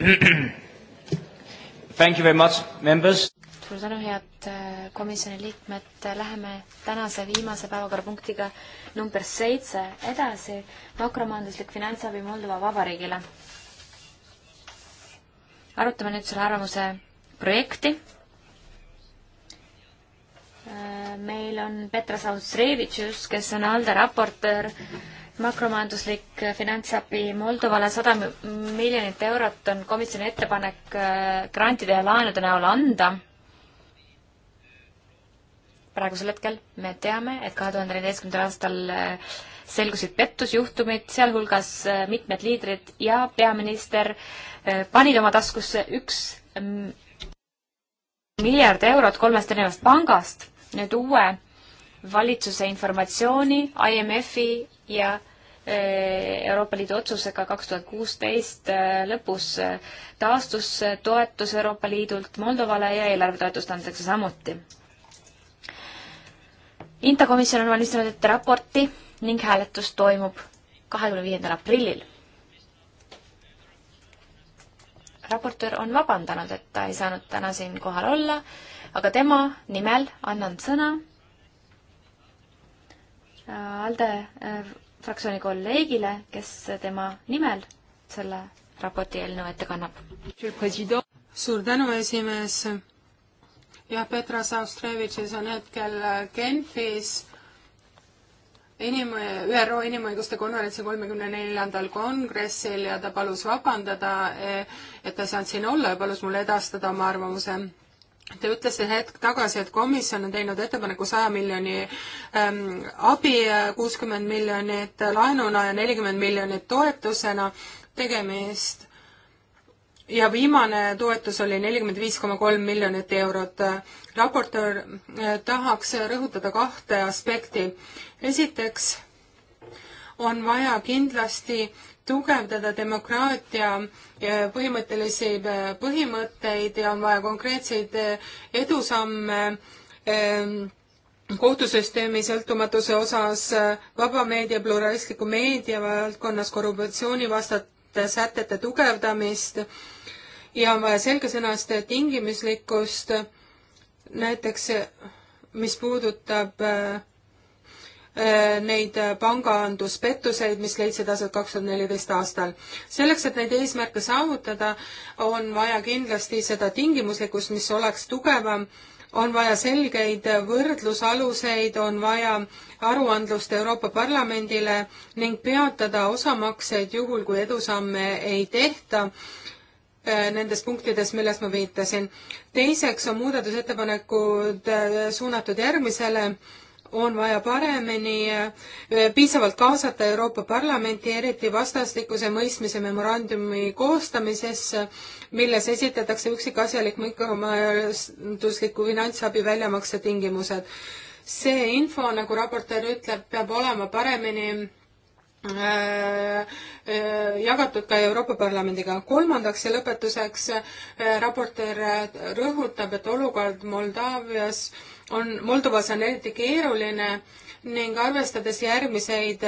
Thank you very much, members. suur tänu, head äh, komisjoni liikmed, läheme tänase viimase päevakorrapunktiga number seitse edasi, makromajanduslik finantsabi Moldova Vabariigile. arutame nüüd selle arvamuse projekti. Äh, meil on Petra Saus-Revitšus, kes on ALDE raportöör makromajanduslik finantsabi Moldovale sada miljonit eurot on komisjoni ettepanek äh, grantide ja laenude näol anda. praegusel hetkel me teame, et kahe tuhande neljateistkümnendal aastal äh, selgusid pettusjuhtumid, sealhulgas äh, mitmed liidrid ja peaminister panid oma taskusse üks mm, miljard eurot kolmest erinevast pangast, nüüd uue valitsuse informatsiooni IMF-i ja eh, Euroopa Liidu otsusega kaks tuhat kuusteist eh, lõpus eh, taastus toetus Euroopa Liidult Moldovale ja eelarvetoetust antakse samuti. Inta komisjon on valmistanud ette raporti ning hääletus toimub kahekümne viiendal aprillil. raportöör on vabandanud, et ta ei saanud täna siin kohal olla, aga tema nimel annan sõna ALDE äh, fraktsiooni kolleegile, kes tema nimel selle raporti eelnõu ette kannab. suur tänu, esimees. jah, Petra Saustrevitšis on hetkel äh, Genfis inim-, ÜRO inimõiguste konverentsi kolmekümne neljandal kongressil ja ta palus vabandada, eh, et ta ei saanud siin olla ja palus mulle edastada oma arvamuse Te ütlesite hetk tagasi, et komisjon on teinud ettepaneku saja miljoni ähm, abi, äh, kuuskümmend miljonit laenuna ja nelikümmend miljonit toetusena tegemist. ja viimane toetus oli nelikümmend viis koma kolm miljonit eurot. raportöör äh, tahaks rõhutada kahte aspekti. esiteks on vaja kindlasti tugevdada demokraatia eh, põhimõttelisi eh, põhimõtteid ja on vaja konkreetseid eh, edusamme kohtusüsteemi sõltumatuse osas, vaba meedia, pluralistliku meedia valdkonnas korruptsioonivastate sätete tugevdamist ja on vaja selgesõnast tingimuslikkust, näiteks mis puudutab äh, Äh, neid panganduspettuseid, mis leidsid aset kaks tuhat neliteist aastal. selleks, et neid eesmärke saavutada, on vaja kindlasti seda tingimuslikkust, mis oleks tugevam, on vaja selgeid võrdlusaluseid, on vaja aruandlust Euroopa Parlamendile ning peatada osamakseid juhul, kui edusamme ei tehta äh, nendes punktides, millest ma viitasin. teiseks on muudatusettepanekud äh, suunatud järgmisele äh, on vaja paremini eh, piisavalt kaasata Euroopa Parlamenti, eriti vastastikuse mõistmise memorandumi koostamisesse, milles esitatakse üksikasjalik mikromajandusliku finantsabi väljamakse tingimused. see info, nagu raportöör ütleb, peab olema paremini Äh, äh, jagatud ka Euroopa Parlamendiga. kolmandaks ja lõpetuseks äh, raportöör rõhutab, et olukord Moldaavias on, Moldovas on eriti keeruline ning arvestades järgmiseid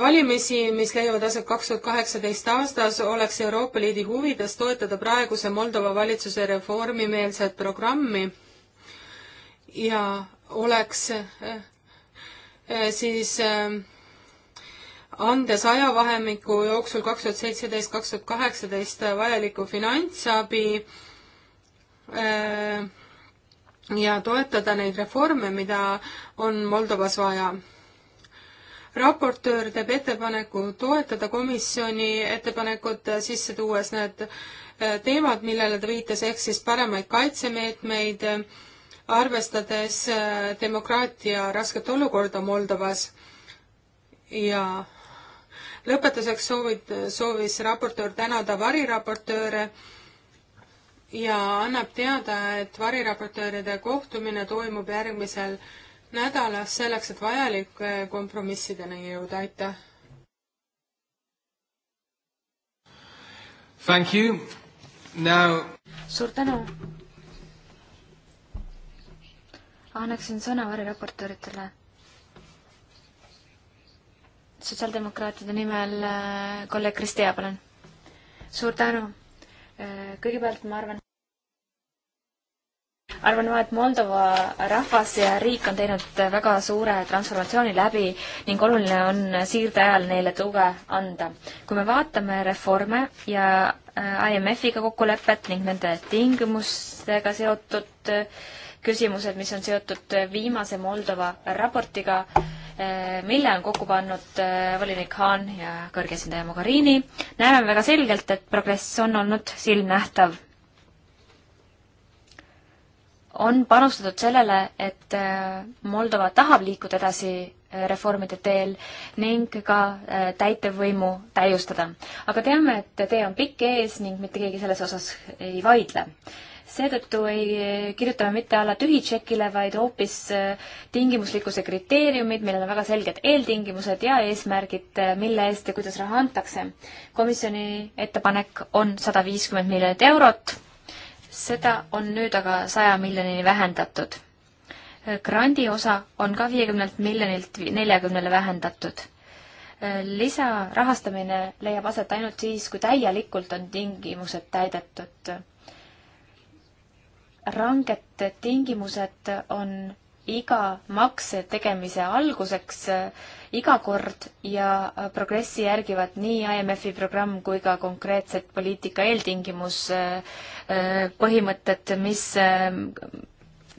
valimisi, mis leiavad aset kaks tuhat kaheksateist aastas, oleks Euroopa Liidu huvides toetada praeguse Moldova valitsuse reformimeelset programmi ja oleks siis äh, andes ajavahemiku jooksul kaks tuhat seitseteist, kaks tuhat kaheksateist vajalikku finantsabi äh, ja toetada neid reforme, mida on Moldovas vaja. raportöör teeb ettepaneku toetada komisjoni ettepanekut sisse tuues need äh, teemad, millele ta viitas, ehk siis paremaid kaitsemeetmeid, arvestades äh, demokraatia rasket olukorda Moldovas ja lõpetuseks soovid, soovis raportöör tänada variraportööre ja annab teada, et variraportööride kohtumine toimub järgmisel nädalas selleks, et vajalike kompromissideni jõuda, aitäh! Thank you. Now... suur tänu! annaksin sõna variraportööritele sotsiaaldemokraatide nimel äh, kolleeg Kristea, palun. suur tänu. Äh, kõigepealt ma arvan, arvan ma, et Moldova rahvas ja riik on teinud äh, väga suure transformatsiooni läbi ning oluline on siirde ajal neile tuge anda. kui me vaatame reforme ja IMF-iga kokkulepet ning nende tingimustega seotud küsimused, mis on seotud viimase Moldova raportiga, Äh, mille on kokku pannud äh, volinik Haan ja kõrge esindaja Mogherini, näeme väga selgelt, et progress on olnud silmnähtav. on panustatud sellele, et äh, Moldova tahab liikuda edasi reformide teel ning ka täitevvõimu täiustada. aga teame, et tee on pikk ees ning mitte keegi selles osas ei vaidle seetõttu ei kirjuta me mitte alla tühitšekile, vaid hoopis äh, tingimuslikkuse kriteeriumid, millel on väga selged eeltingimused ja eesmärgid, äh, mille eest ja kuidas raha antakse. komisjoni ettepanek on sada viiskümmend miljonit eurot, seda on nüüd aga saja miljonini vähendatud. Äh, grandi osa on ka viiekümnelt miljonilt neljakümnele vähendatud lisarahastamine leiab aset ainult siis, kui täielikult on tingimused täidetud ranged tingimused on iga makse tegemise alguseks äh, iga kord ja äh, progressi järgivad nii IMF-i programm kui ka konkreetsed poliitika eeltingimuspõhimõtted, äh, mis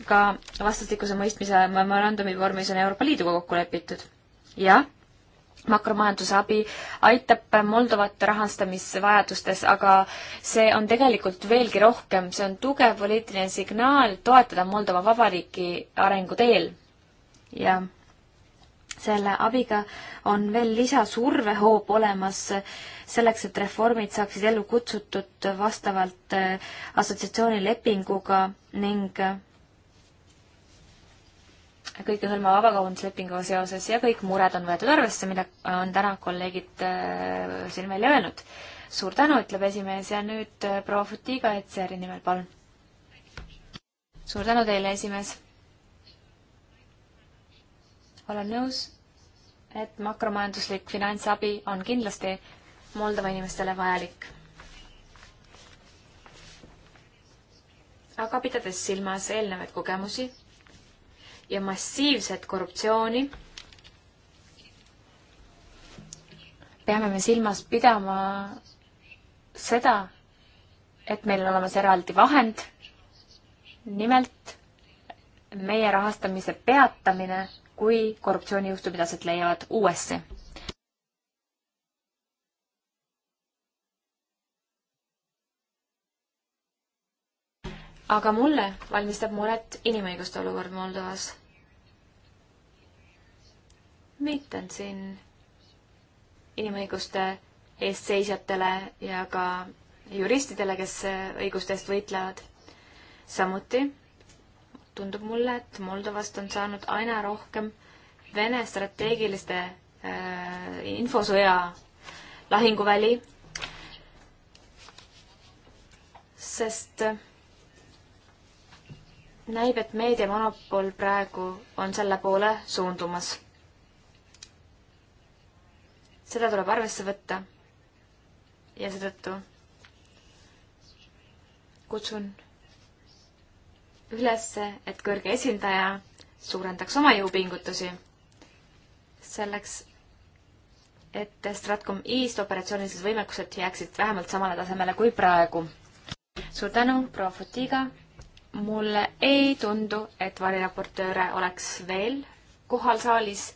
ka vastastikuse mõistmise memorandumi vormis on Euroopa Liiduga kokku lepitud. jah makromajanduse abi aitab Moldovat rahastamisvajadustes, aga see on tegelikult veelgi rohkem, see on tugev poliitiline signaal toetada Moldova Vabariiki arengu teel. ja selle abiga on veel lisasurvehoob olemas selleks, et reformid saaksid ellu kutsutud vastavalt äh, assotsiatsioonilepinguga ning äh, kõikehõlma vabakaubanduslepinguga seoses ja kõik mured on võetud arvesse, mida on täna kolleegid äh, siin välja öelnud. suur tänu, ütleb esimees ja nüüd äh, proua Futiga Etseri nimel, palun. suur tänu teile, esimees. olen nõus, et makromajanduslik finantsabi on kindlasti Moldova inimestele vajalik aga pidades silmas eelnevaid kogemusi, ja massiivset korruptsiooni, peame me silmas pidama seda, et meil on olemas eraldi vahend, nimelt meie rahastamise peatamine, kui korruptsioonijuhtumid aset leiavad uuesti aga mulle valmistab muret inimõiguste olukord Moldovas. viitan siin inimõiguste eestseisjatele ja ka juristidele, kes õiguste eest võitlevad. samuti tundub mulle, et Moldovast on saanud aina rohkem Vene strateegiliste äh, infosõja lahinguväli, sest äh, näib, et meediamonopol praegu on selle poole suundumas. seda tuleb arvesse võtta. ja seetõttu kutsun üles, et kõrge esindaja suurendaks oma jõupingutusi selleks, et Stratcom East operatsioonilised võimekused jääksid vähemalt samale tasemele kui praegu. suur tänu, proua Futiga mulle ei tundu, et variraportööre oleks veel kohal saalis.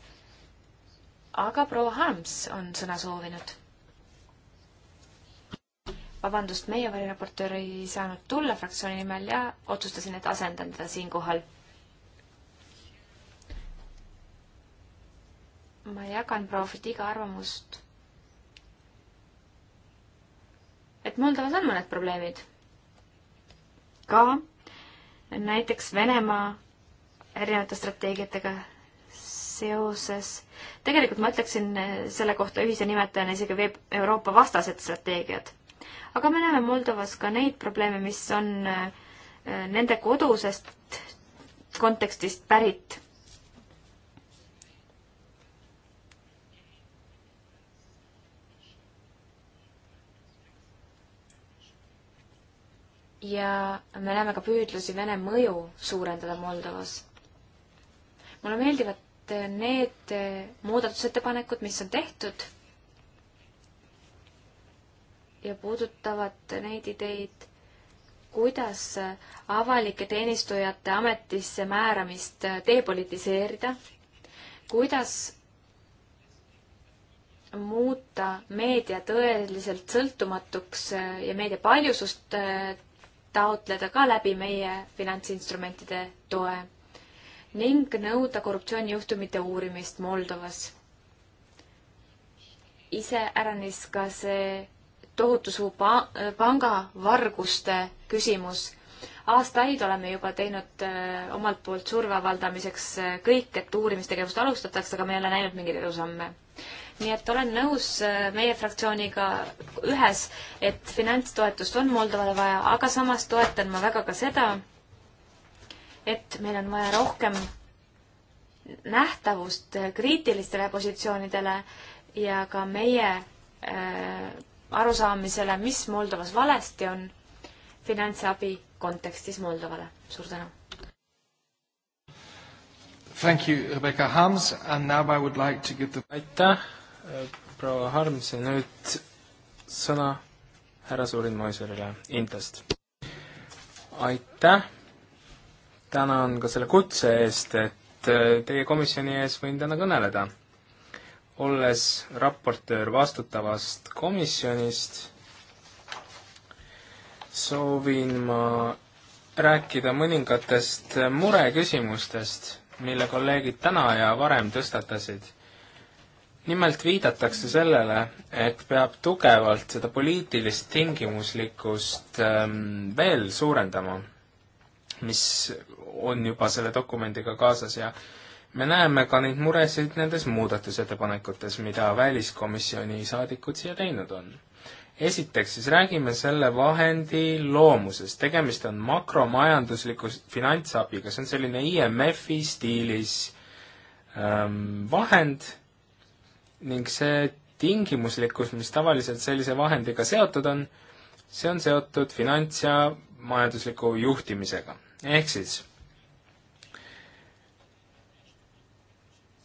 aga proua Harms on sõna soovinud. vabandust, meie variraportöör ei saanud tulla fraktsiooni nimel ja otsustasin, et asendan teda siinkohal. ma jagan proua Fidiga arvamust et Moldovas on mõned probleemid. ka näiteks Venemaa erinevate strateegiatega seoses. tegelikult ma ütleksin eh, selle kohta ühise nimetajana isegi veeb Euroopa vastased strateegiad. aga me näeme Moldovas ka neid probleeme, mis on eh, nende kodusest kontekstist pärit ja me näeme ka püüdlusi Vene mõju suurendada Moldovas. mulle meeldivad need muudatusettepanekud, mis on tehtud ja puudutavad neid ideid, kuidas avalike teenistujate ametisse määramist depolitiseerida, kuidas muuta meedia tõeliselt sõltumatuks ja meedia paljusust taotleda ka läbi meie finantsinstrumentide toe ning nõuda korruptsioonijuhtumite uurimist Moldovas. iseäranis ka see tohutu suur pa-, pangavarguste küsimus. aastaid oleme juba teinud öö, äh, omalt poolt surve avaldamiseks äh, kõik, et uurimistegevust alustatakse, aga me ei ole näinud mingeid edusamme nii et olen nõus äh, meie fraktsiooniga ühes, et finantstoetust on Moldovale vaja, aga samas toetan ma väga ka seda, et meil on vaja rohkem nähtavust äh, kriitilistele positsioonidele ja ka meie äh, arusaamisele, mis Moldovas valesti on finantsabi kontekstis Moldovale. suur tänu! Thank you, Rebecca Harms, and now I would like to give the... aitäh, proua Harms ja nüüd sõna härra Suurin Moiserile Intest. aitäh, tänan ka selle kutse eest, et äh, teie komisjoni ees võin täna kõneleda. olles raportöör vastutavast komisjonist, soovin ma rääkida mõningatest mureküsimustest, mille kolleegid täna ja varem tõstatasid nimelt viidatakse sellele, et peab tugevalt seda poliitilist tingimuslikkust ähm, veel suurendama, mis on juba selle dokumendiga kaasas ja me näeme ka neid muresid nendes muudatusettepanekutes, mida väliskomisjoni saadikud siia teinud on. esiteks siis räägime selle vahendi loomusest, tegemist on makromajandusliku finantsabiga, see on selline IMF-i stiilis ähm, vahend ning see tingimuslikkus, mis tavaliselt sellise vahendiga seotud on, see on seotud finants- ja majandusliku juhtimisega. ehk siis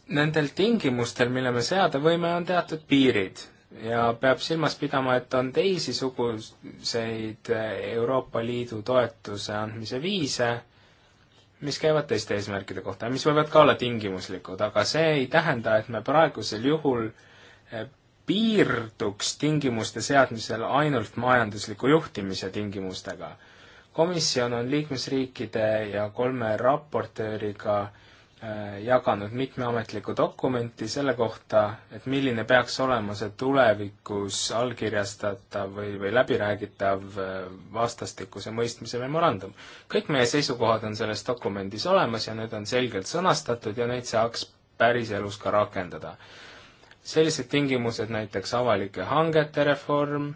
nendel tingimustel, mille me seada võime, on teatud piirid ja peab silmas pidama, et on teisisuguseid Euroopa Liidu toetuse andmise viise, mis käivad teiste eesmärkide kohta ja mis võivad ka olla tingimuslikud, aga see ei tähenda, et me praegusel juhul eh, piirduks tingimuste seadmisel ainult majandusliku juhtimise tingimustega. komisjon on liikmesriikide ja kolme raportööriga äh, Äh, jaganud mitme ametliku dokumenti selle kohta, et milline peaks olema see tulevikus allkirjastatav või, või läbiräägitav äh, vastastikuse mõistmise memorandum. kõik meie seisukohad on selles dokumendis olemas ja need on selgelt sõnastatud ja neid saaks päriselus ka rakendada. sellised tingimused, näiteks avalike hangete reform,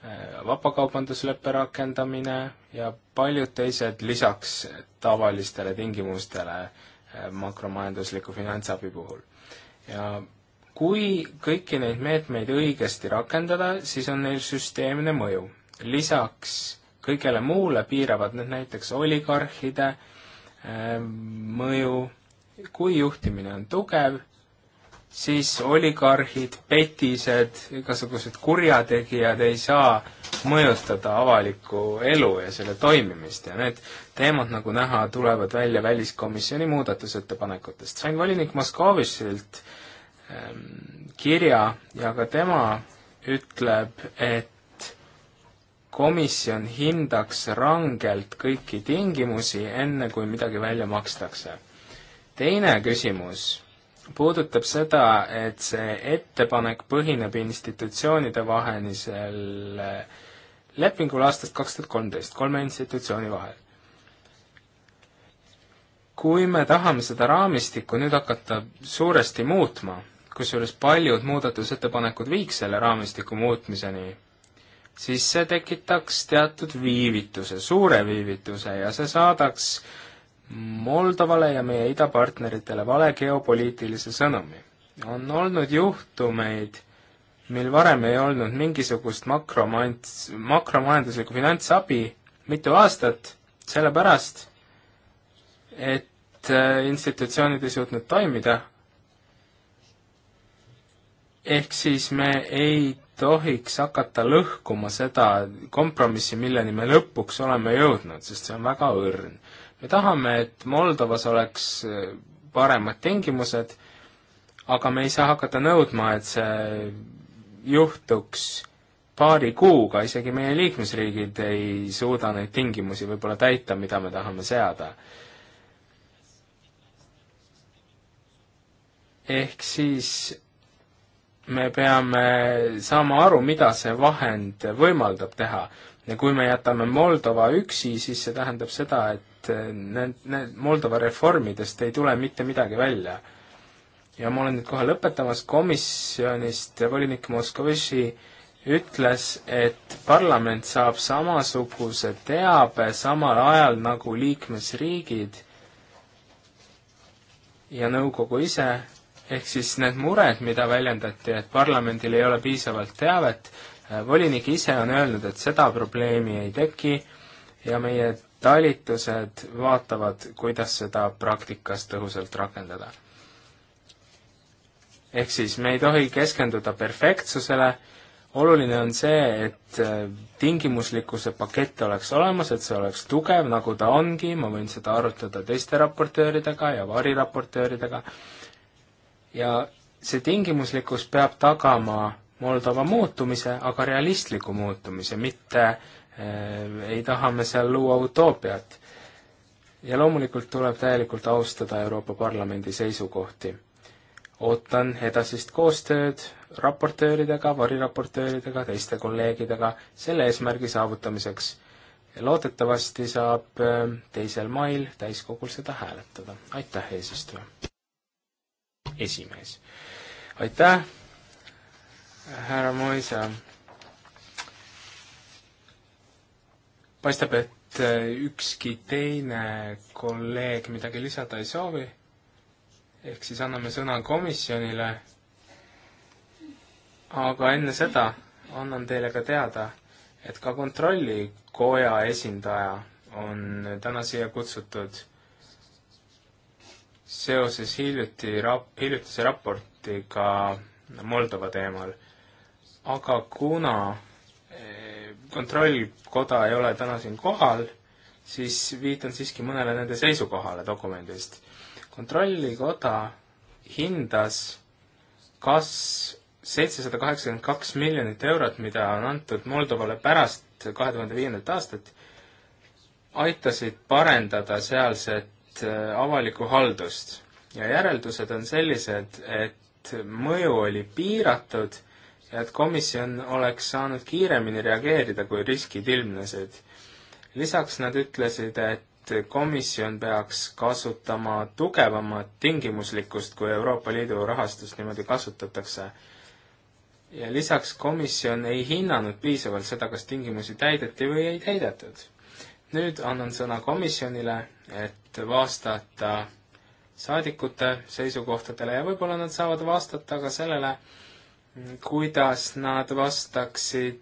äh, vabakaubandusleppe rakendamine ja paljud teised lisaks tavalistele tingimustele Äh, makromajandusliku finantsabi puhul. ja kui kõiki neid meetmeid õigesti rakendada, siis on neil süsteemne mõju. lisaks kõigele muule piiravad need näiteks oligarhide äh, mõju, kui juhtimine on tugev, siis oligarhid, petised, igasugused kurjategijad ei saa mõjutada avalikku elu ja selle toimimist ja need teemad, nagu näha, tulevad välja väliskomisjoni muudatusettepanekutest. sain volinik Moskovitšilt ähm, kirja ja ka tema ütleb, et komisjon hindaks rangelt kõiki tingimusi, enne kui midagi välja makstakse. teine küsimus puudutab seda, et see ettepanek põhineb institutsioonide vahelisel äh, lepingul aastast kaks tuhat kolmteist, kolme institutsiooni vahel. kui me tahame seda raamistikku nüüd hakata suuresti muutma, kusjuures paljud muudatusettepanekud viiks selle raamistiku muutmiseni, siis see tekitaks teatud viivituse, suure viivituse ja see saadaks äh, Moldovale ja meie idapartneritele vale geopoliitilise sõnumi. on olnud juhtumeid, mil varem ei olnud mingisugust makromajandus, makromajanduslikku finantsabi mitu aastat, sellepärast et äh, institutsioonid ei suutnud toimida, ehk siis me ei tohiks hakata lõhkuma seda kompromissi, milleni me lõpuks oleme jõudnud, sest see on väga õrn me tahame, et Moldovas oleks äh, paremad tingimused, aga me ei saa hakata nõudma, et see juhtuks paari kuuga, isegi meie liikmesriigid ei suuda neid tingimusi võib-olla täita, mida me tahame seada. ehk siis me peame saama aru, mida see vahend võimaldab teha ja kui me jätame Moldova üksi, siis see tähendab seda, et äh, need, need Moldova reformidest ei tule mitte midagi välja. ja ma olen nüüd kohe lõpetamas, komisjonist volinik Moskovitši ütles, et parlament saab samasuguse teabe samal ajal nagu liikmesriigid ja nõukogu ise, ehk siis need mured, mida väljendati, et parlamendil ei ole piisavalt teavet, Äh, volinik ise on öelnud, et seda probleemi ei teki ja meie talitused vaatavad, kuidas seda praktikas tõhusalt rakendada. ehk siis me ei tohi keskenduda perfektsusele, oluline on see, et äh, tingimuslikkuse pakett oleks olemas, et see oleks tugev, nagu ta ongi, ma võin seda arutada teiste raportööridega ja variraportööridega, ja see tingimuslikkus peab tagama Moldova muutumise, aga realistliku muutumise, mitte äh, ei taha me seal luua utoopiat. ja loomulikult tuleb täielikult austada Euroopa Parlamendi seisukohti. ootan edasist koostööd raportööridega, variraportööridega, teiste kolleegidega selle eesmärgi saavutamiseks. loodetavasti saab eh, teisel mail täiskogul seda hääletada. aitäh, eesistuja! esimees. aitäh! härra Moisa, paistab, et äh, ükski teine kolleeg midagi lisada ei soovi, ehk siis anname sõna komisjonile, aga enne seda annan teile ka teada, et ka kontrollikoja esindaja on täna siia kutsutud seoses hiljuti rap-, hiljutise raportiga Moldova teemal aga kuna eh, kontrollkoda ei ole täna siin kohal, siis viitan siiski mõnele nende seisukohale dokumendist. kontrollikoda hindas, kas seitsesada kaheksakümmend kaks miljonit eurot, mida on antud Moldovale pärast kahe tuhande viiendat aastat, aitasid parendada sealset eh, avalikku haldust. ja järeldused on sellised, et mõju oli piiratud et komisjon oleks saanud kiiremini reageerida, kui riskid ilmnesid. lisaks nad ütlesid, et komisjon peaks kasutama tugevamat tingimuslikkust, kui Euroopa Liidu rahastust niimoodi kasutatakse. ja lisaks komisjon ei hinnanud piisavalt seda, kas tingimusi täideti või ei täidetud. nüüd annan sõna komisjonile, et vastata saadikute seisukohtadele ja võib-olla nad saavad vastata ka sellele, kuidas nad vastaksid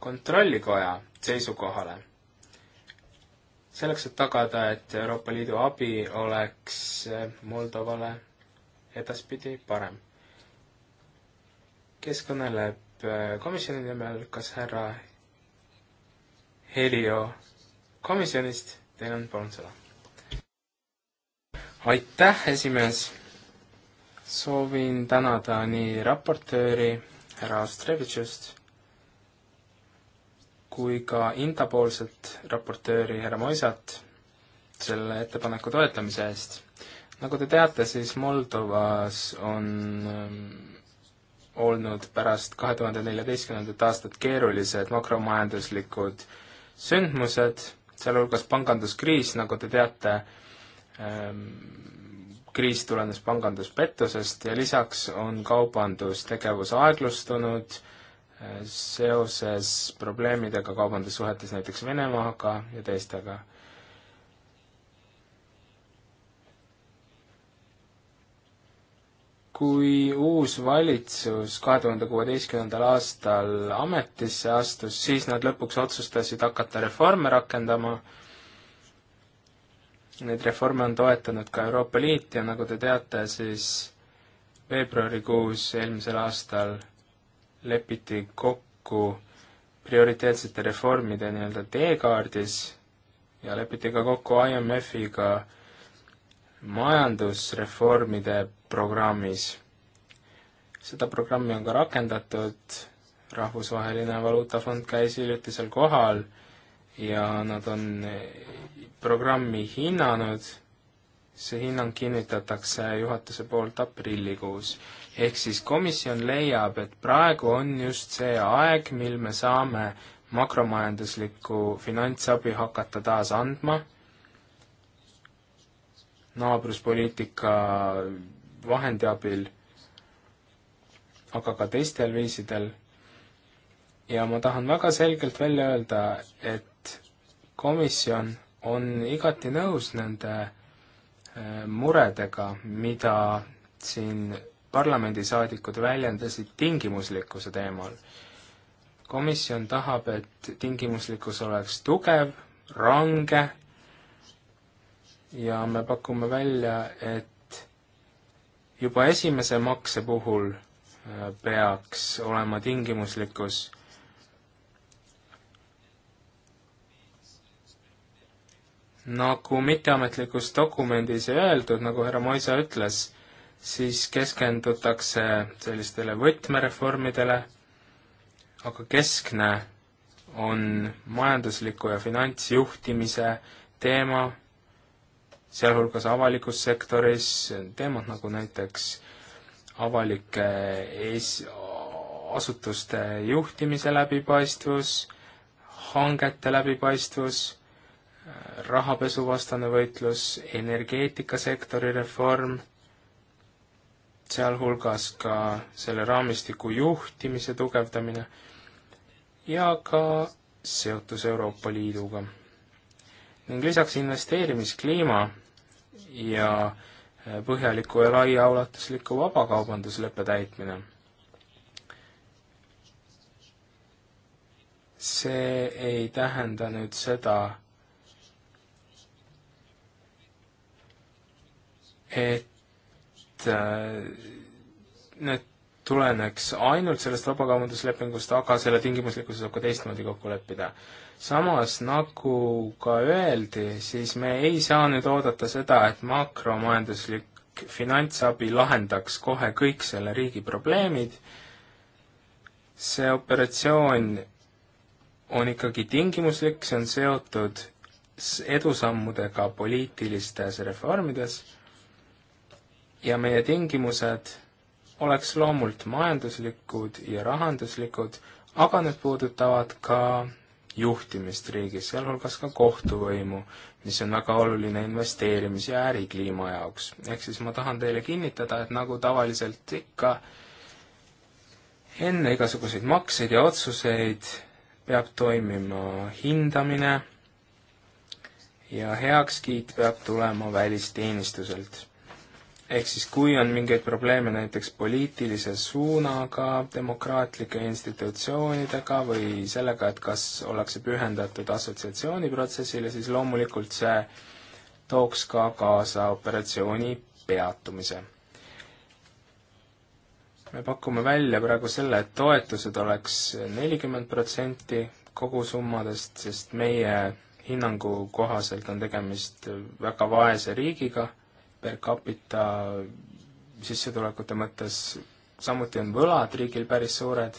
kontrollikoja seisukohale. selleks, et tagada, et Euroopa Liidu abi oleks Moldovale edaspidi parem. kes kõneleb äh, komisjoni nimel, kas härra Helio komisjonist, teil on palun sõna. aitäh, esimees soovin tänada nii raportööri härra Ostrevitšust kui ka Intapoolset raportööri härra Moisat selle ettepaneku toetamise eest. nagu te teate, siis Moldovas on ähm, olnud pärast kahe tuhande neljateistkümnendat aastat keerulised makromajanduslikud sündmused, sealhulgas panganduskriis, nagu te teate, ähm, kriis tulenes panganduspettusest ja lisaks on kaubandustegevus aeglustunud eh, seoses probleemidega kaubandussuhetes näiteks Venemaaga ja teistega. kui uus valitsus kahe tuhande kuueteistkümnendal aastal ametisse astus, siis nad lõpuks otsustasid hakata reforme rakendama Neid reforme on toetanud ka Euroopa Liit ja nagu te teate, siis veebruarikuus eelmisel aastal lepiti kokku prioriteetsete reformide nii-öelda teekaardis ja lepiti ka kokku IMF-iga majandusreformide programmis. seda programmi on ka rakendatud, Rahvusvaheline Valuutafond käis hiljuti seal kohal ja nad on programmi hinnanud, see hinnang kinnitatakse juhatuse poolt aprillikuus. ehk siis komisjon leiab, et praegu on just see aeg, mil me saame makromajanduslikku finantsabi hakata taas andma, naabruspoliitika vahendi abil, aga ka teistel viisidel. ja ma tahan väga selgelt välja öelda, et komisjon on igati nõus nende äh, muredega, mida siin parlamendisaadikud väljendasid tingimuslikkuse teemal. komisjon tahab, et tingimuslikkus oleks tugev, range ja me pakume välja, et juba esimese makse puhul äh, peaks olema tingimuslikkus nagu mitteametlikus dokumendis öeldud, nagu härra Moisa ütles, siis keskendutakse sellistele võtmereformidele, aga keskne on majandusliku ja finantsjuhtimise teema, sealhulgas avalikus sektoris, teemad nagu näiteks avalike ees-, asutuste juhtimise läbipaistvus, hangete läbipaistvus rahapesuvastane võitlus, energeetikasektori reform, sealhulgas ka selle raamistiku juhtimise tugevdamine ja ka seotus Euroopa Liiduga. ning lisaks investeerimiskliima ja eh, põhjaliku ja laiaulatusliku vabakaubandusleppe täitmine. see ei tähenda nüüd seda, et äh, need tuleneks ainult sellest vabakaubanduslepingust, aga selle tingimuslikkuse saab ka teistmoodi kokku leppida. samas, nagu ka öeldi, siis me ei saa nüüd oodata seda, et makromajanduslik finantsabi lahendaks kohe kõik selle riigi probleemid, see operatsioon on ikkagi tingimuslik, see on seotud edusammudega poliitilistes reformides ja meie tingimused oleks loomult majanduslikud ja rahanduslikud, aga need puudutavad ka juhtimist riigis, sealhulgas ka kohtuvõimu, mis on väga oluline investeerimis- ja ärikliima jaoks. ehk siis ma tahan teile kinnitada, et nagu tavaliselt ikka, enne igasuguseid makseid ja otsuseid peab toimima hindamine ja heakskiit peab tulema välisteenistuselt ehk siis kui on mingeid probleeme näiteks poliitilise suunaga, demokraatlike institutsioonidega või sellega, et kas ollakse pühendatud assotsiatsiooniprotsessile, siis loomulikult see tooks ka kaasa operatsiooni peatumise. me pakume välja praegu selle, et toetused oleks nelikümmend protsenti kogusummadest, sest meie hinnangu kohaselt on tegemist väga vaese riigiga per capita sissetulekute mõttes, samuti on võlad riigil päris suured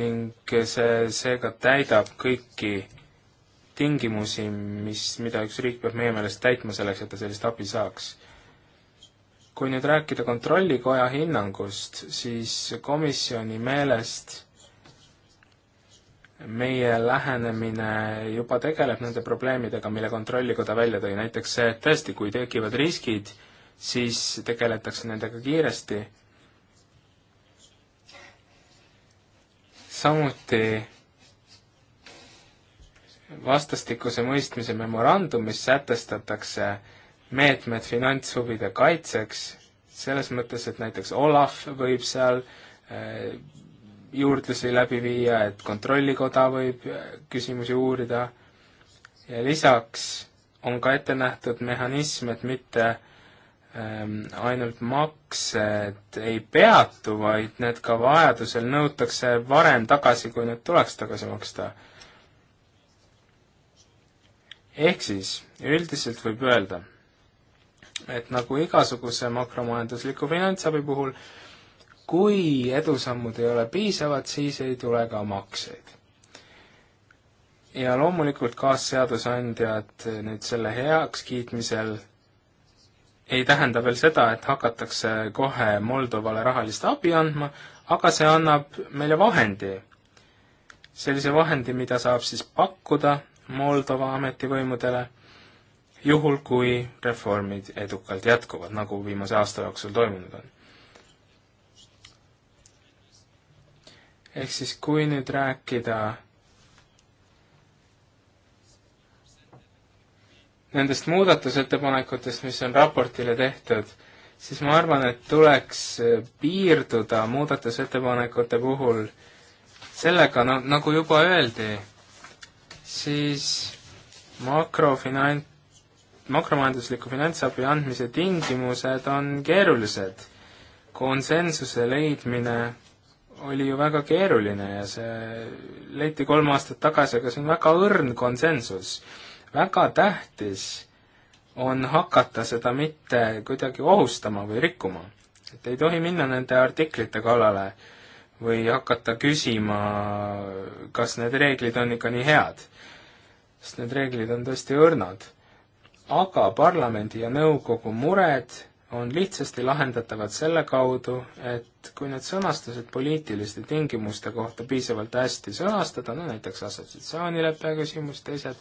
ning see seega täidab kõiki tingimusi, mis, mida üks riik peab meie meelest täitma selleks, et ta sellist abi saaks. kui nüüd rääkida Kontrollikoja hinnangust, siis komisjoni meelest meie lähenemine juba tegeleb nende probleemidega, mille Kontrollikoda välja tõi, näiteks see, et tõesti, kui tekivad riskid, siis tegeletakse nendega kiiresti. samuti vastastikuse mõistmise memorandumis sätestatakse meetmed finantshuvide kaitseks, selles mõttes, et näiteks Olav võib seal eh, juurdlusi läbi viia, et Kontrollikoda võib äh, küsimusi uurida ja lisaks on ka ette nähtud mehhanism, et mitte ähm, ainult maksed ei peatu, vaid need ka vajadusel nõutakse varem tagasi, kui need tuleks tagasi maksta. ehk siis üldiselt võib öelda, et nagu igasuguse makromajandusliku finantsabi puhul äh, kui edusammud ei ole piisavad, siis ei tule ka makseid. ja loomulikult kaasseadusandjad nüüd selle heakskiitmisel ei tähenda veel seda, et hakatakse kohe Moldovale rahalist abi andma, aga see annab meile vahendi. sellise vahendi, mida saab siis pakkuda Moldova ametivõimudele, juhul kui reformid edukalt jätkuvad, nagu viimase aasta jooksul toimunud on ehk siis kui nüüd rääkida nendest muudatusettepanekutest, mis on raportile tehtud, siis ma arvan, et tuleks piirduda muudatusettepanekute puhul sellega, no nagu juba öeldi, siis makrofinant, makromajandusliku finantsabi andmise tingimused on keerulised. konsensuse leidmine oli ju väga keeruline ja see leiti kolm aastat tagasi, aga see on väga õrn konsensus. väga tähtis on hakata seda mitte kuidagi ohustama või rikkuma. et ei tohi minna nende artiklite kallale või hakata küsima, kas need reeglid on ikka nii head. sest need reeglid on tõesti õrnad. aga parlamendi ja nõukogu mured on lihtsasti lahendatavad selle kaudu, et kui need sõnastused poliitiliste tingimuste kohta piisavalt hästi sõnastada, no näiteks assotsiatsioonilepe küsimus, teised,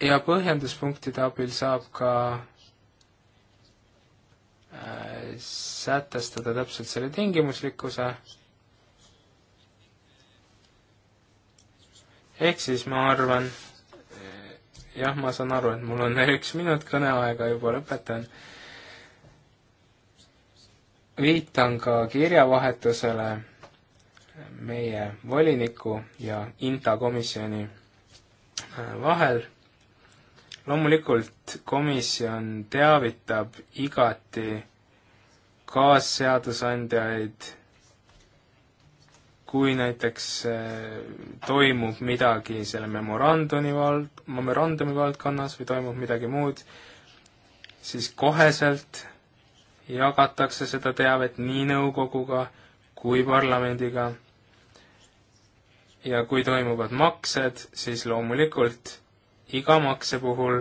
ja põhjenduspunktide abil saab ka äh, sätestada täpselt selle tingimuslikkuse, ehk siis ma arvan, jah, ma saan aru, et mul on üks minut kõneaega, juba lõpetan. viitan ka kirjavahetusele meie voliniku ja INTA komisjoni äh, vahel. loomulikult komisjon teavitab igati kaasseadusandjaid kui näiteks äh, toimub midagi selle memorandumi vald-, memorandumi valdkonnas või toimub midagi muud, siis koheselt jagatakse seda teavet nii nõukoguga kui parlamendiga. ja kui toimuvad maksed, siis loomulikult iga makse puhul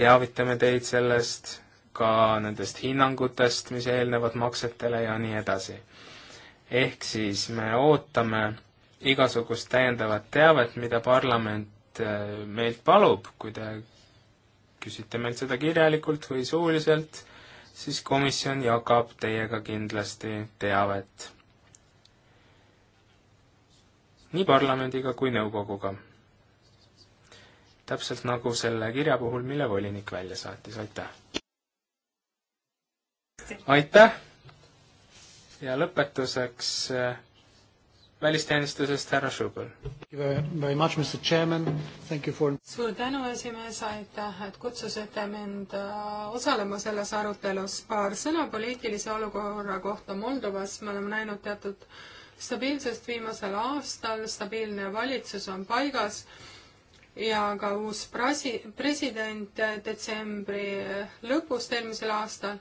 teavitame teid sellest, ka nendest hinnangutest, mis eelnevad maksetele ja nii edasi ehk siis me ootame igasugust täiendavat teavet, mida parlament äh, meilt palub, kui te küsite meilt seda kirjalikult või suuliselt, siis komisjon jagab teiega kindlasti teavet. nii parlamendiga kui nõukoguga. täpselt nagu selle kirja puhul, mille volinik välja saatis, aitäh! aitäh! ja lõpetuseks äh, välisteenistusest härra Schubel. For... suur tänu, esimees, aitäh, et kutsusite mind äh, osalema selles arutelus. paar sõna poliitilise olukorra kohta Moldovas, me oleme näinud teatud stabiilsust viimasel aastal, stabiilne valitsus on paigas ja ka uus prasi-, president äh, detsembri lõpust eelmisel aastal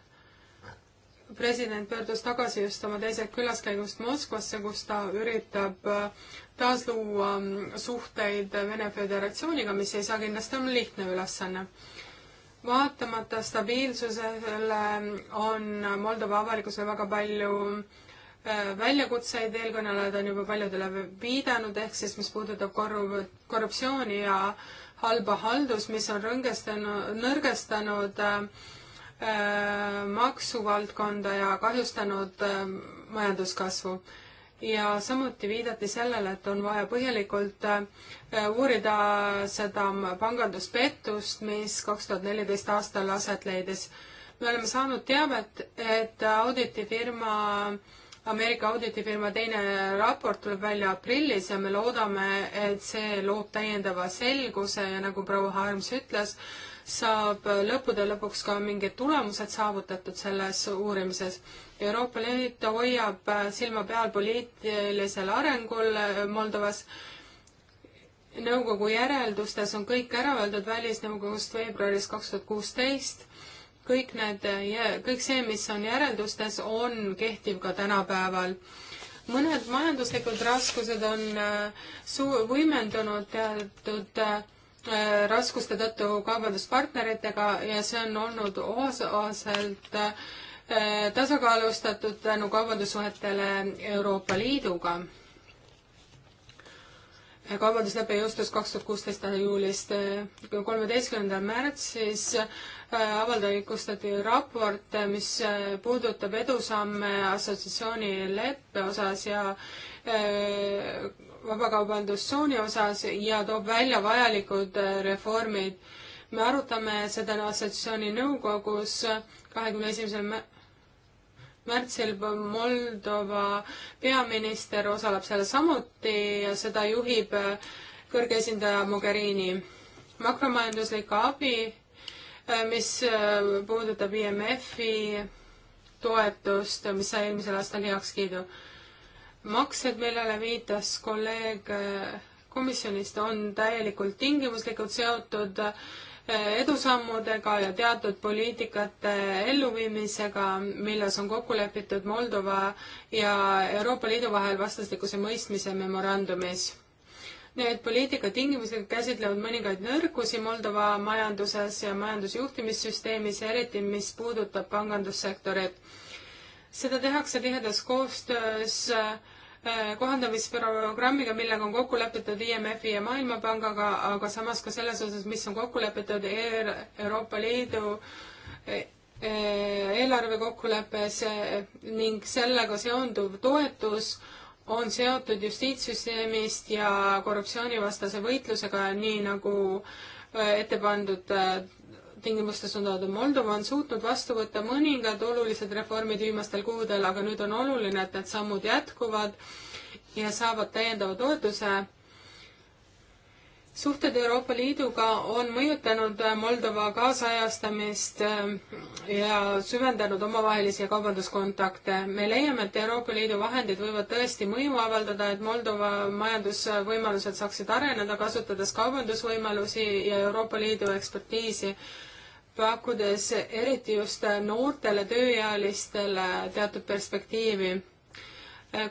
president pöördus tagasi just oma teisest külaskäigust Moskvasse, kus ta üritab äh, taasluua ähm, suhteid Vene Föderatsiooniga, mis ei saa kindlasti olla lihtne ülesanne. vaatamata stabiilsusele on Moldova avalikkusel väga palju äh, väljakutseid, eelkõnelejad on juba paljudele viidanud, ehk siis mis puudutab korru-, korruptsiooni ja halba haldus, mis on rõngestanud, nõrgestanud äh, Äh, maksuvaldkonda ja kahjustanud ähm, majanduskasvu. ja samuti viidati sellele, et on vaja põhjalikult äh, uurida seda panganduspettust, mis kaks tuhat neliteist aastal aset leidis. me oleme saanud teavet, et auditifirma Ameerika auditifirma teine raport tuleb välja aprillis ja me loodame, et see loob täiendava selguse ja nagu proua Harms ütles, saab lõppude lõpuks ka mingid tulemused saavutatud selles uurimises. Euroopa Liit hoiab silma peal poliitilisel arengul Moldovas. nõukogu järeldustes on kõik ära öeldud Välisnõukogust veebruaris kaks tuhat kuusteist. kõik need, kõik see, mis on järeldustes, on kehtiv ka tänapäeval mõned majanduslikud raskused on äh, suu-, võimendunud teatud äh, Äh, raskuste tõttu kaubanduspartneritega ja see on olnud osaselt äh, tasakaalustatud tänu kaubandussuhetele Euroopa Liiduga. kaubanduslepe jõustus kaks tuhat kuusteist juulist äh, kolmeteistkümnendal märtsis avalikustati raport, mis puudutab edusamme assotsiatsioonileppe osas ja vabakaubandustsooni osas ja toob välja vajalikud äh, reformid. me arutame seda assotsiatsiooni nõukogus kahekümne esimesel märtsil Moldova peaminister osaleb seal samuti ja seda juhib äh, kõrge esindaja Mogherini. makromajanduslik abi, äh, mis puudutab IMF-i toetust, mis sai eelmisel aastal heakskiidu maksed, millele viitas kolleeg eh, komisjonist, on täielikult tingimuslikult seotud eh, edusammudega ja teatud poliitikate elluviimisega, milles on kokku lepitud Moldova ja Euroopa Liidu vahel vastastikuse mõistmise memorandumis. Need poliitika tingimuslikult käsitlevad mõningaid nõrkusi Moldova majanduses ja majandusjuhtimissüsteemis, eriti mis puudutab pangandussektorit seda tehakse tihedas koostöös äh, kohandamisprogrammiga, millega on kokku lepitud IMF-i ja Maailmapangaga, aga samas ka selles osas, mis on kokku lepitud Euroopa Liidu äh, äh, eelarve kokkuleppes ning sellega seonduv toetus on seotud justiitssüsteemist ja korruptsioonivastase võitlusega, nii nagu ette pandud tingimustes on toodud. Moldova on suutnud vastu võtta mõningad olulised reformid viimastel kuudel, aga nüüd on oluline, et need sammud jätkuvad ja saavad täiendava toetuse. suhted Euroopa Liiduga on mõjutanud Moldova kaasajastamist äh, ja süvendanud omavahelisi kaubanduskontakte. me leiame, et Euroopa Liidu vahendid võivad tõesti mõju avaldada, et Moldova majandusvõimalused saaksid areneda, kasutades kaubandusvõimalusi ja Euroopa Liidu ekspertiisi pakkudes eriti just noortele tööealistele teatud perspektiivi.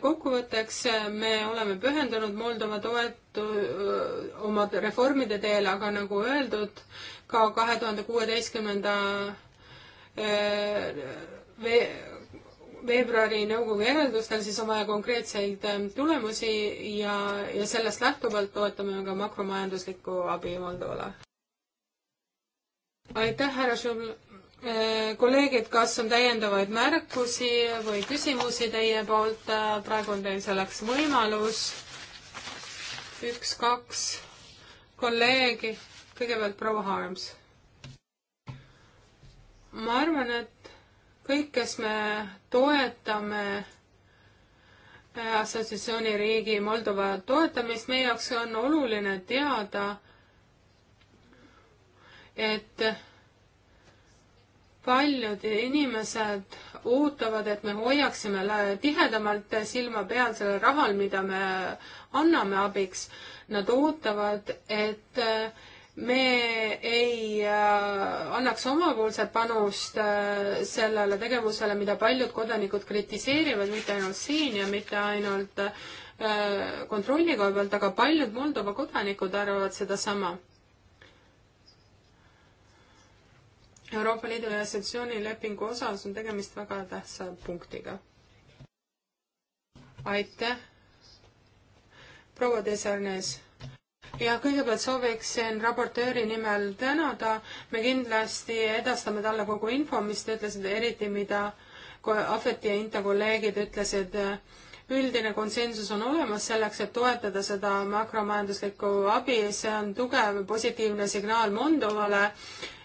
kokkuvõtteks me oleme pühendunud Moldova toetu-, oma reformide teele, aga nagu öeldud, ka kahe tuhande kuueteistkümnenda eh, veebruari nõukogu järeldustel siis on vaja konkreetseid eh, tulemusi ja, ja sellest lähtuvalt toetame ka makromajanduslikku abi Moldovale aitäh, härra Šul-, äh, kolleegid, kas on täiendavaid märkusi või küsimusi teie poolt, äh, praegu on teil selleks võimalus. üks, kaks kolleegi, kõigepealt proua Harms. ma arvan, et kõik, kes me toetame äh, assotsiatsiooni riigi Moldova toetamist, meie jaoks on oluline teada, et paljud inimesed ootavad, et me hoiaksime tihedamalt silma peal sellel rahal, mida me anname abiks. Nad ootavad, et äh, me ei äh, annaks omapoolset panust äh, sellele tegevusele, mida paljud kodanikud kritiseerivad, mitte ainult siin ja mitte ainult kontrollikoha pealt, aga paljud Moldova kodanikud arvavad sedasama Euroopa Liidu ja assotsiatsioonilepingu osas on tegemist väga tähtsa punktiga. aitäh, proua Desarnes. ja kõigepealt sooviksin raportööri nimel tänada. me kindlasti edastame talle kogu info, mis te ütlesite, eriti mida Ahveti ja Inta kolleegid ütlesid üldine konsensus on olemas selleks, et toetada seda makromajanduslikku abi, see on tugev positiivne signaal Moldovale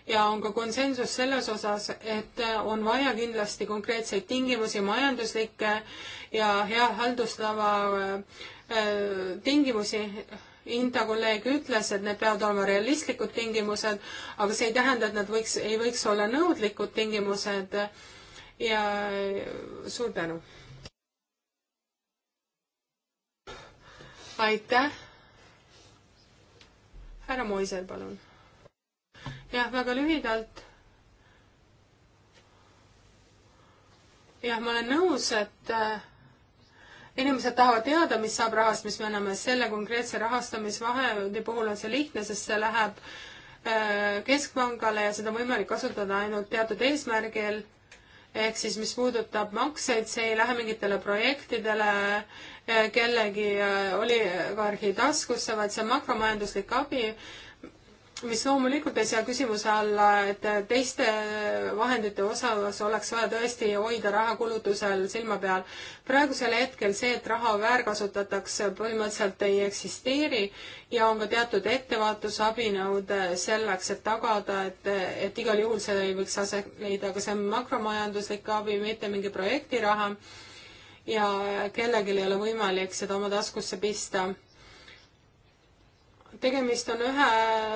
ja on ka konsensus selles osas, et on vaja kindlasti konkreetseid tingimusi, majanduslikke ja hea haldustava äh, tingimusi. Inta kolleeg ütles, et need peavad olema realistlikud tingimused, aga see ei tähenda, et nad võiks, ei võiks olla nõudlikud tingimused. ja suur tänu. aitäh. härra Moisel, palun jah, väga lühidalt. jah, ma olen nõus, et äh, inimesed tahavad teada, mis saab rahast, mis me anname. selle konkreetse rahastamisvahendi puhul on see lihtne, sest see läheb äh, keskpangale ja seda on võimalik kasutada ainult teatud eesmärgil ehk siis mis puudutab makseid, see ei lähe mingitele projektidele äh, kellegi oligarhi taskusse, vaid see on makromajanduslik abi mis loomulikult ei sea küsimuse alla, et teiste vahendite osas oleks vaja tõesti hoida rahakulutusel silma peal. praegusel hetkel see, et raha väärkasutatakse, põhimõtteliselt ei eksisteeri ja on ka teatud ettevaatusabinõud selleks, et tagada, et, et igal juhul see ei võiks aset leida, aga see on makromajanduslik abi, mitte mingi projektiraha ja kellelgi ei ole võimalik seda oma taskusse pista tegemist on ühe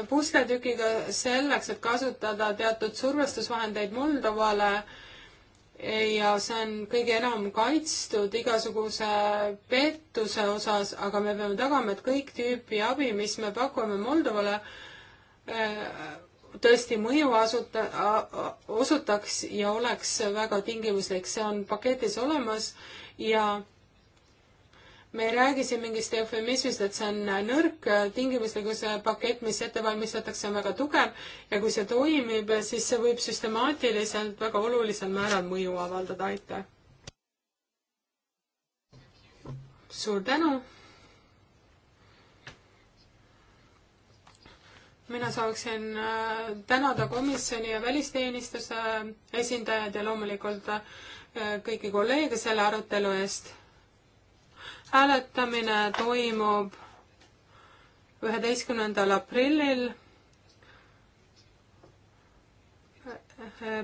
pusletükiga selleks, et kasutada teatud survestusvahendeid Moldovale ja see on kõige enam kaitstud igasuguse pettuse osas, aga me peame tagama, et kõik tüüpi abi, mis me pakume Moldovale, eh, tõesti mõju asuta, osutaks ja oleks väga tingimuslik, see on paketis olemas ja me ei räägi siin mingist eufemismist, et see on äh, nõrk, äh, tingimustel, kui see pakett, mis ette valmistatakse, on väga tugev ja kui see toimib, siis see võib süstemaatiliselt väga olulisel määral mõju avaldada, aitäh. suur tänu. mina sooviksin äh, tänada komisjoni ja välisteenistuse esindajaid ja loomulikult kõiki kolleege selle arutelu eest hääletamine toimub üheteistkümnendal aprillil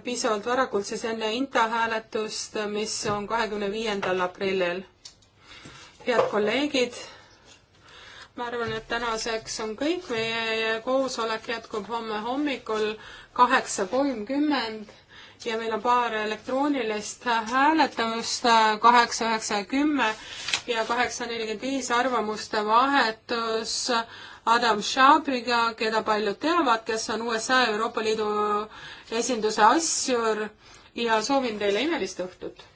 piisavalt varakult, siis enne INTA hääletust, mis on kahekümne viiendal aprillil. head kolleegid, ma arvan, et tänaseks on kõik, meie koosolek jätkub homme hommikul kaheksa kolmkümmend ja meil on paar elektroonilist hääletamist, äh, kaheksa, üheksa ja kümme ja kaheksa nelikümmend viis arvamuste vahetus Adam Shabriga, keda paljud teavad, kes on USA Euroopa Liidu esinduse asjur ja soovin teile imelist õhtut!